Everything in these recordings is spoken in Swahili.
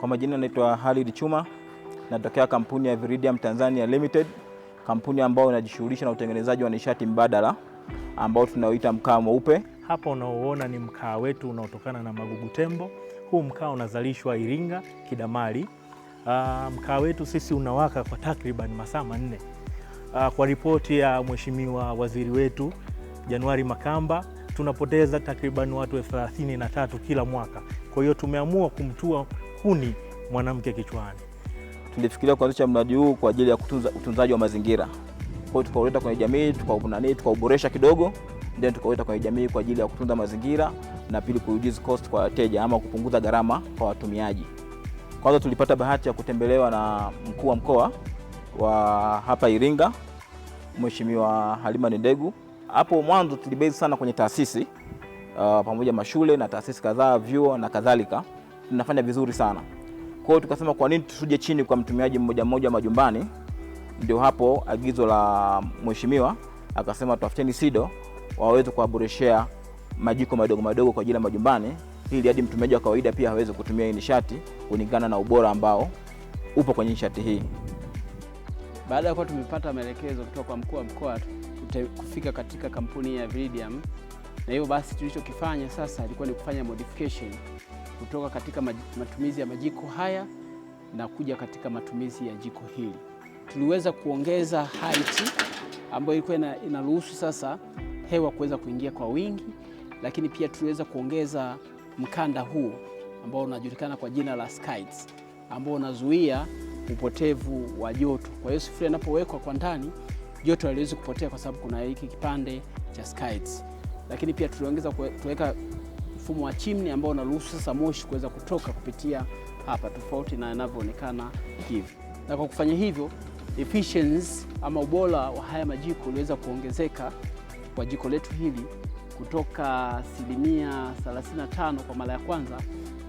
Kwa majina naitwa Halid Chuma, natokea kampuni ya Viridium Tanzania Limited, kampuni ambayo inajishughulisha na utengenezaji wa nishati mbadala ambao tunaoita mkaa mweupe. Hapa unaoona ni mkaa wetu unaotokana na magugu tembo. Huu mkaa unazalishwa Iringa Kidamali. Uh, mkaa wetu sisi unawaka kwa takriban masaa manne. Uh, kwa ripoti ya Mheshimiwa Waziri wetu Januari Makamba tunapoteza takriban watu elfu thelathini na tatu kila mwaka. Kwa hiyo tumeamua kumtua kuni mwanamke kichwani. Tulifikiria kuanzisha mradi huu kwa ajili ya kutunza utunzaji wa mazingira, kwa hiyo tukauleta kwenye jamii, tukaunani, tukauboresha kidogo, then tukauleta kwenye jamii kwa ajili ya kutunza mazingira na pili kureduce cost kwa wateja ama kupunguza gharama kwa watumiaji. Kwanza tulipata bahati ya kutembelewa na mkuu wa mkoa wa hapa Iringa, Mheshimiwa Halima Ndegu. Hapo mwanzo tulibezi sana kwenye taasisi uh, pamoja mashule na taasisi kadhaa, vyuo na kadhalika tunafanya vizuri sana. Kwa hiyo tukasema kwa nini tusuje chini kwa mtumiaji mmoja mmoja majumbani? Ndio hapo agizo la mheshimiwa akasema tuafuteni SIDO waweze kuwaboreshea majiko madogo madogo kwa ajili ya majumbani, ili hadi mtumiaji wa kawaida pia aweze kutumia hii nishati kulingana na ubora ambao upo kwenye nishati hii. Baada ya kuwa tumepata maelekezo kutoka kwa mkuu wa mkoa kufika katika kampuni ya Viridium, na hivyo basi tulichokifanya sasa ilikuwa ni kufanya modification kutoka katika matumizi ya majiko haya na kuja katika matumizi ya jiko hili. Tuliweza kuongeza height ambayo ilikuwa inaruhusu sasa hewa kuweza kuingia kwa wingi, lakini pia tuliweza kuongeza mkanda huu ambao unajulikana kwa jina la skids ambao unazuia upotevu wa joto. Kwa hiyo sufuria inapowekwa kwa ndani, joto haliwezi kupotea kwa sababu kuna hiki kipande cha skids. Lakini pia tuliongeza kuweka mfumo wa chimni ambao unaruhusu sasa moshi kuweza kutoka kupitia hapa, tofauti na yanavyoonekana hivi. Na kwa kufanya hivyo, efficiency ama ubora wa haya majiko uliweza kuongezeka kwa jiko letu hili kutoka asilimia 35 kwa mara ya kwanza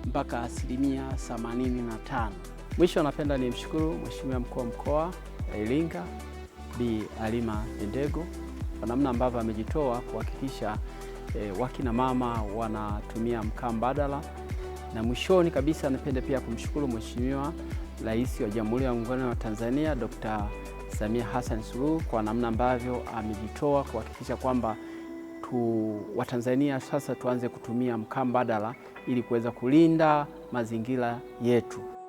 mpaka asilimia 85. Mwisho napenda mshukuru Mheshimiwa Mkuu wa Mkoa wa Iringa Bi alima Dendego kwa namna ambavyo amejitoa kuhakikisha e, wakina mama wanatumia mkaa mbadala. Na mwishoni kabisa, napenda pia kumshukuru Mheshimiwa Rais wa Jamhuri ya Muungano wa Tanzania Dr. Samia Hassan Suluhu kwa namna ambavyo amejitoa kuhakikisha kwamba tu Watanzania sasa tuanze kutumia mkaa mbadala ili kuweza kulinda mazingira yetu.